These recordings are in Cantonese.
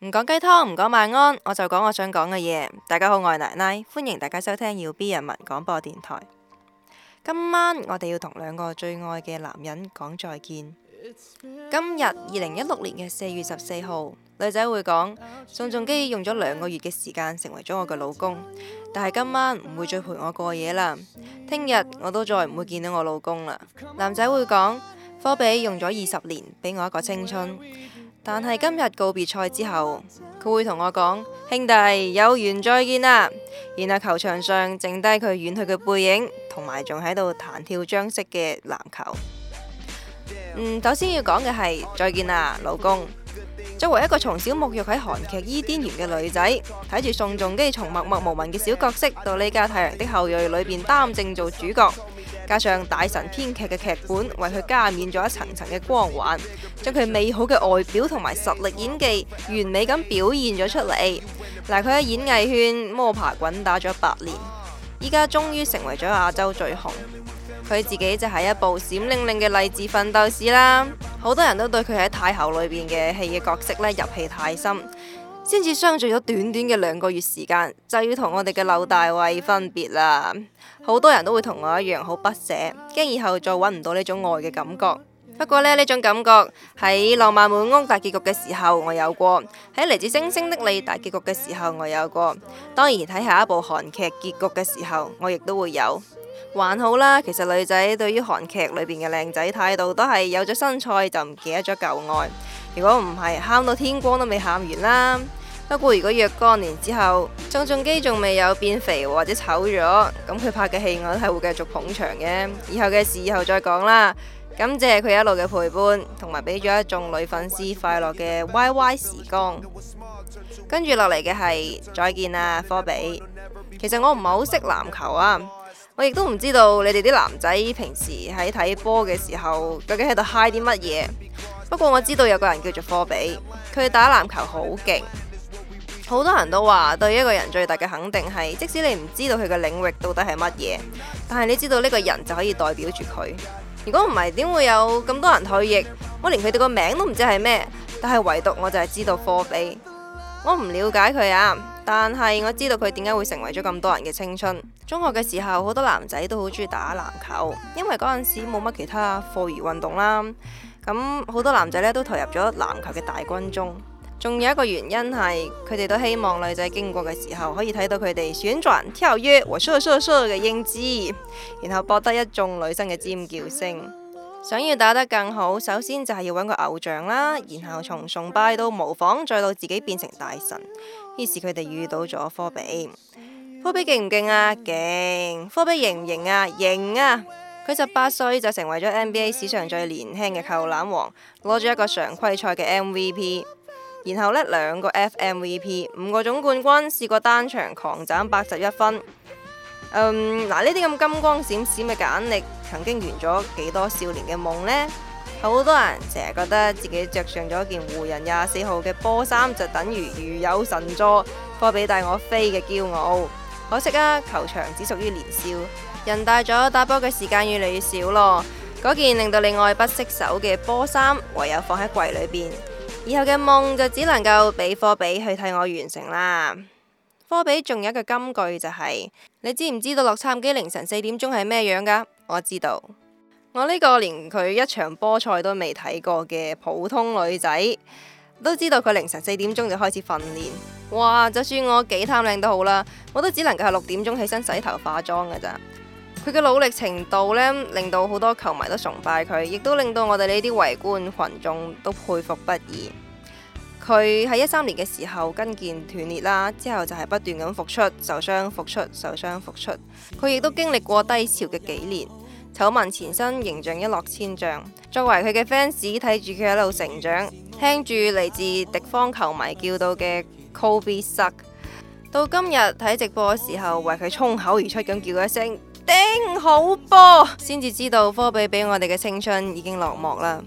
唔講雞湯，唔講晚安，我就講我想講嘅嘢。大家好，我係奶奶，歡迎大家收聽要 B 人民廣播電台。今晚我哋要同兩個最愛嘅男人講再見。今日二零一六年嘅四月十四號，女仔會講宋仲基用咗兩個月嘅時間成為咗我嘅老公，但係今晚唔會再陪我過夜啦。聽日我都再唔會見到我老公啦。男仔會講科比用咗二十年俾我一個青春。但係今日告別賽之後，佢會同我講，兄弟，有緣再見啦。然後球場上剩低佢遠去嘅背影，同埋仲喺度彈跳將息嘅籃球。嗯，首先要講嘅係再見啦，老公。作為一個從小沐浴喺韓劇伊甸園嘅女仔，睇住宋仲基從默默無聞嘅小角色到呢家太陽的後裔裏邊擔正做主角。加上大神編劇嘅劇本，為佢加冕咗一層層嘅光環，將佢美好嘅外表同埋實力演技完美咁表現咗出嚟。嗱，佢喺演藝圈摸爬滾打咗八年，依家終於成為咗亞洲最紅。佢自己就係一部閃靈靈嘅勵志奮鬥史啦。好多人都對佢喺太后裏邊嘅戲嘅角色咧入戲太深。先至相聚咗短短嘅兩個月時間，就要同我哋嘅柳大尉分別啦。好多人都會同我一樣好不捨，驚以後再搵唔到呢種愛嘅感覺。不過呢，呢種感覺喺《浪漫滿屋》大結局嘅時候我有過，喺《來自星星的你》大結局嘅時候我有過，當然睇下一部韓劇結局嘅時候我亦都會有。還好啦，其實女仔對於韓劇裏邊嘅靚仔態度都係有咗新菜就唔記得咗舊愛。如果唔係，喊到天光都未喊完啦。不過如果若干年之後，宋仲基仲未有變肥或者醜咗，咁佢拍嘅戲我都係會繼續捧場嘅。以後嘅事以後再講啦。感謝佢一路嘅陪伴，同埋俾咗一眾女粉絲快樂嘅 YY 時光。跟住落嚟嘅係再見啦，科比。其實我唔係好識籃球啊，我亦都唔知道你哋啲男仔平時喺睇波嘅時候究竟喺度嗨啲乜嘢。不過我知道有個人叫做科比，佢打籃球好勁。好多人都話，對一個人最大嘅肯定係，即使你唔知道佢嘅領域到底係乜嘢，但係你知道呢個人就可以代表住佢。如果唔係，點會有咁多人退役？我連佢哋個名都唔知係咩，但係唯獨我就係知道科比。我唔了解佢啊，但係我知道佢點解會成為咗咁多人嘅青春。中學嘅時候，好多男仔都好中意打籃球，因為嗰陣時冇乜其他課餘運動啦。咁好多男仔呢都投入咗籃球嘅大軍中。仲有一個原因係，佢哋都希望女仔經過嘅時候可以睇到佢哋旋轉、跳躍和 show show show 嘅英姿，然後博得一眾女生嘅尖叫聲。想要打得更好，首先就係要搵個偶像啦，然後從崇拜到模仿，再到自己變成大神。於是佢哋遇到咗科比。科比勁唔勁啊？勁！科比型唔型啊？型啊！佢十八歲就成為咗 NBA 史上最年輕嘅扣籃王，攞咗一個常規賽嘅 MVP。然後呢，兩個 FMVP，五個總冠軍，試過單場狂斬八十一分。嗯，嗱呢啲咁金光閃閃嘅簡歷，曾經圓咗幾多少年嘅夢呢？好多人成日覺得自己着上咗件湖人廿四號嘅波衫，就等於如有神助，科比帶我飛嘅驕傲。可惜啊，球場只屬於年少，人大咗打波嘅時間越嚟越少咯。嗰件令到你愛不釋手嘅波衫，唯有放喺櫃裏邊。以後嘅夢就只能夠俾科比去替我完成啦。科比仲有一個金句就係：你知唔知道洛杉磯凌晨四點鐘係咩樣噶？我知道，我呢個連佢一場波賽都未睇過嘅普通女仔，都知道佢凌晨四點鐘就開始訓練。哇！就算我幾貪靚都好啦，我都只能夠係六點鐘起身洗頭化妝噶咋。佢嘅努力程度呢，令到好多球迷都崇拜佢，亦都令到我哋呢啲圍觀群眾都佩服不已。佢喺一三年嘅時候，跟腱斷裂啦，之後就係不斷咁復出，受傷復出，受傷復出。佢亦都經歷過低潮嘅幾年，醜聞纏身，形象一落千丈。作為佢嘅 fans，睇住佢一路成長，聽住嚟自敵方球迷叫到嘅 Kobe suck，到今日睇直播嘅時候，為佢衝口而出咁叫一聲。頂，好波，先至知道科比俾我哋嘅青春已經落幕啦。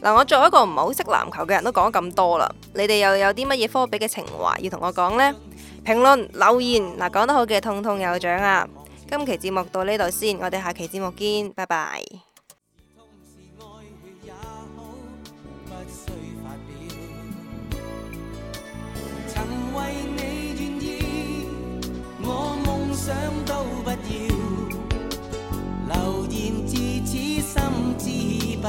嗱，我作為一個唔好識籃球嘅人都講咁多啦，你哋又有啲乜嘢科比嘅情懷要同我講呢？評論留言嗱，講得好嘅，通通有獎啊！今期節目到呢度先，我哋下期節目見，拜拜。同時愛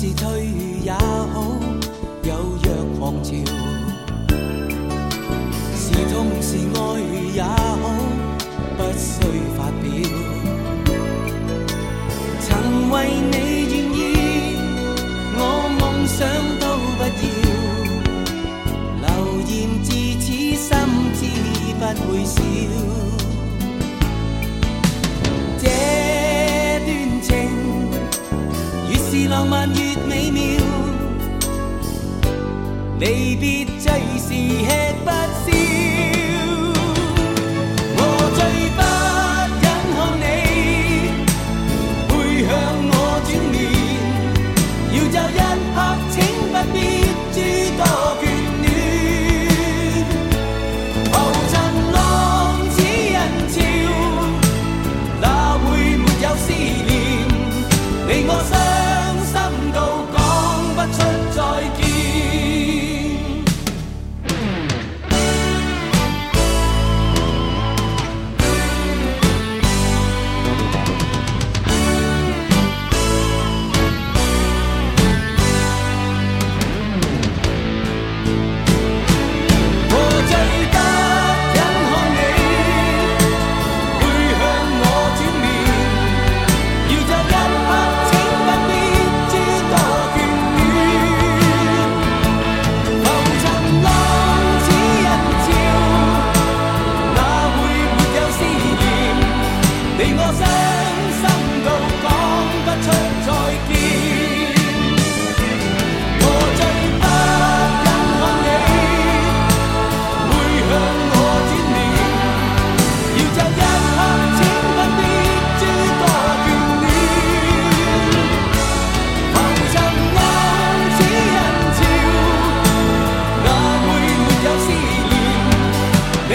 是退也好，有若狂潮；是痛是愛也好，不須發表。曾為你願意，我夢想都不要，流言自此心知不會笑。這段情，越是浪漫。離別最是吃不消。Baby,